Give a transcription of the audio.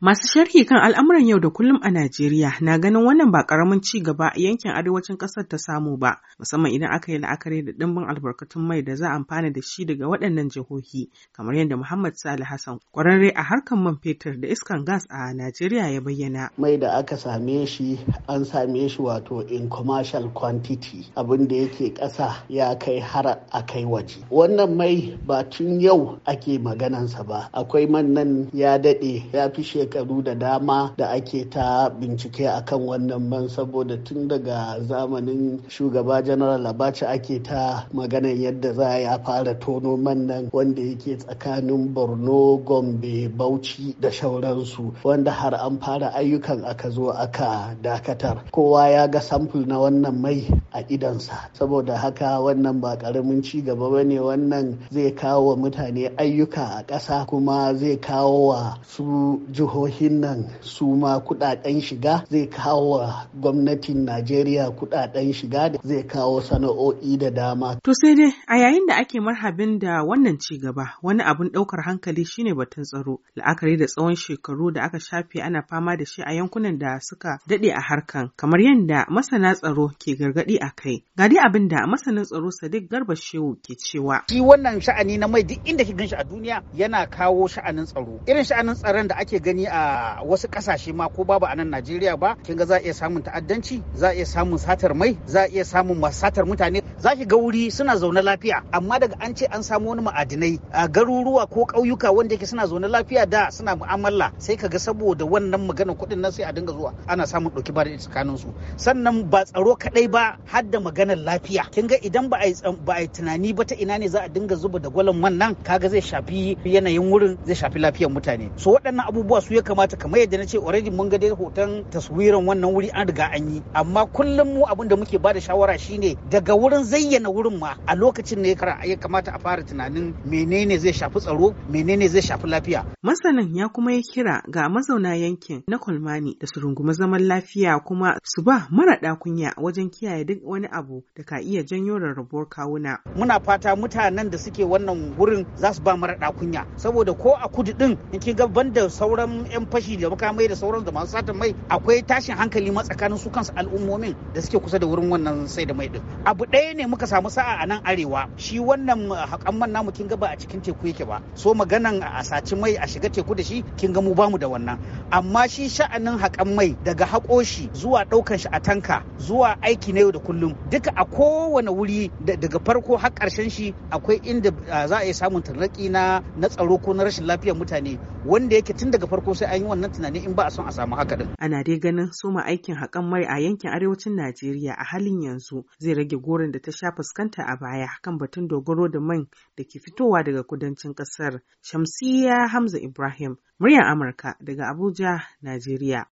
Masu sharhi kan al'amuran yau da kullum a Najeriya na ganin wannan ba ƙaramin ci gaba a yankin arewacin ƙasar ta samu ba, musamman idan aka yi la'akari da ɗimbin albarkatun mai da za a amfana da shi daga waɗannan jihohi, kamar yadda Muhammad Salih Hassan ƙwararre a harkar man fetur da iskan gas a Najeriya ya bayyana. Mai da aka same shi an same shi wato in commercial quantity abin da yake ƙasa ya kai har a kai waje. Wannan mai ba tun yau ake maganansa ba, akwai man nan ya daɗe ya fi shekaru da dama da ake ta bincike akan wannan man saboda tun daga zamanin shugaba general abacha ake ta maganar yadda za ya fara tono man nan wanda yake tsakanin borno gombe bauchi da shauransu wanda har an fara ayyukan aka zo aka dakatar kowa ya ga sample na wannan mai a idansa saboda haka wannan ba karamin ci gaba ba ne wannan zai kawo wa mutane ayyuka a ƙasa kuma zai kawo wa su jihohi jihohin nan su ma kudaden shiga zai kawo gwamnatin najeriya kudaden shiga da zai kawo sana'o'i da dama to sai dai a yayin da ake marhabin da wannan ci gaba wani abun daukar hankali shine batun tsaro la'akari da tsawon shekaru da aka shafe ana fama da shi a yankunan da suka dade a harkan kamar yadda masana tsaro ke gargadi a kai gadi dai abin da masanin tsaro sadiq garba shehu ke cewa shi wannan sha'ani na mai duk inda ki ganshi a duniya yana kawo sha'anin tsaro irin sha'anin tsaron da ake gani a wasu kasashe ma ko babu a nan Najeriya ba kin ga za a iya samun ta'addanci za a iya samun satar mai za a iya samun masu satar mutane za ki ga wuri suna zaune lafiya amma daga an ce an samu wani ma'adinai a garuruwa ko ƙauyuka wanda yake suna zaune lafiya da suna mu'amala sai ka ga saboda wannan maganar kuɗin nan sai a dinga zuwa ana samun ɗauki ba da tsakanin su sannan ba tsaro kaɗai ba har da maganar lafiya kin ga idan ba a yi tunani ba ta ina ne za a dinga zuba da gwalan wannan kaga zai shafi yanayin wurin zai shafi lafiyar mutane so waɗannan abubuwa su ya kamata kamar yadda na ce already mun ga dai hoton taswiran wannan wuri an riga an yi amma kullum mu abin da muke ba da shawara shine daga wurin zayyana wurin ma a lokacin ne ya kamata a fara tunanin menene zai shafi tsaro menene zai shafi lafiya. Masanin ya kuma yi kira ga mazauna yankin na Kolmani da su rungumi zaman lafiya kuma su ba mara kunya wajen kiyaye duk wani abu da ka iya janyo rarrabuwar kawuna. Muna fata mutanen da suke wannan wurin za su ba mara kunya saboda ko a kudu din in kin ga banda sauran yan fashi da makamai da sauran da masu satan mai akwai tashin hankali ma tsakanin su kansu al'ummomin da suke kusa da wurin wannan sai da mai din. Abu ɗaya ne muka samu sa'a a nan arewa shi wannan uh, haƙan man namu kin ga ba a cikin teku yake ba so maganan a saci mai a shiga teku da shi kin ga mu bamu da wannan amma shi sha'anin hakan mai daga haƙo shi zuwa ɗaukan shi a tanka zuwa aiki na yau da kullum duka a kowane wuri daga farko har ƙarshen shi akwai inda uh, za a iya samun tarnaki na na tsaro ko na rashin lafiyar mutane wanda yake tun daga farko sai an yi wannan tunani in ba a son a samu haka din ana dai ganin soma aikin hakan mai a yankin arewacin Najeriya a halin yanzu zai rage gorin da ta sha fuskanta a baya kan batun dogaro da man da ke fitowa daga kudancin ƙasar. Shamsiyya Hamza Ibrahim, muryar Amurka daga Abuja, Najeriya.